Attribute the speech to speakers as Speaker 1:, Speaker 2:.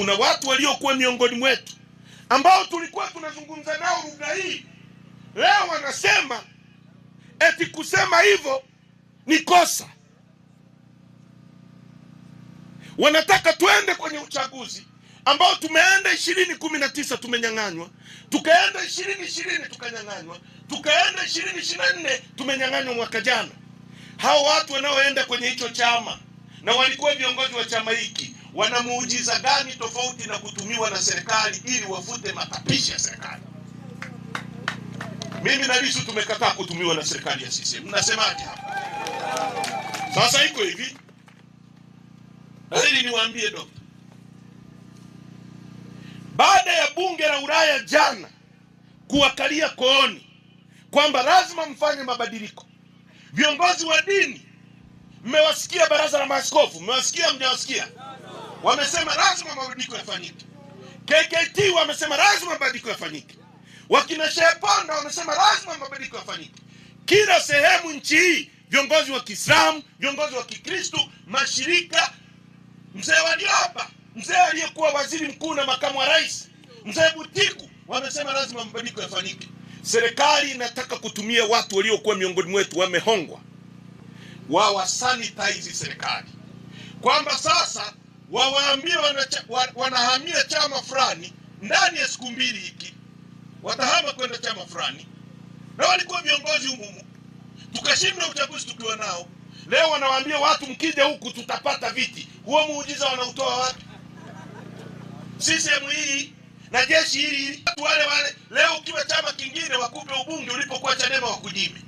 Speaker 1: Kuna watu waliokuwa miongoni mwetu ambao tulikuwa tunazungumza nao lugha hii, leo wanasema eti kusema hivyo ni kosa. Wanataka tuende kwenye uchaguzi ambao tumeenda ishirini kumi na tisa tumenyang'anywa, tukaenda ishirini ishirini tukanyang'anywa, tukaenda ishirini ishirini na nne tumenyang'anywa mwaka jana. Hao watu wanaoenda kwenye hicho chama na walikuwa viongozi wa chama hiki wana muujiza gani tofauti na kutumiwa na serikali ili wafute matapishi ya serikali? Mimi na Lissu tumekataa kutumiwa na serikali ya CCM. Mnasemaje hapa? Sasa iko hivi, ili niwaambie dokta, baada ya bunge la Ulaya jana kuwakalia kooni kwamba lazima mfanye mabadiliko, viongozi wa dini mmewasikia, baraza la maaskofu mmewasikia, mjawasikia wamesema lazima mabadiliko yafanyike. KKT wamesema lazima mabadiliko yafanyike. Wakina Sheponda wamesema lazima mabadiliko yafanyike. Kila sehemu nchi hii, viongozi wa Kiislamu, viongozi wa Kikristo, mashirika, mzee Waliopa, mzee aliyekuwa waziri mkuu na makamu wa rais, mzee Butiku wamesema lazima mabadiliko yafanyike. Serikali inataka kutumia watu waliokuwa miongoni mwetu wamehongwa, wawasanitize serikali kwamba sasa wawaambie wanahamia chama fulani ndani ya siku mbili hiki watahama kwenda chama fulani, na walikuwa viongozi humumu, tukashinda uchaguzi tukiwa nao. Leo wanawaambia watu mkija huku tutapata viti. Huo muujiza wanautoa wapi? CCM hii na jeshi hili watu wale wale, leo ukiwa chama kingine wakupe ubunge ulipokuwa Chadema wakunyime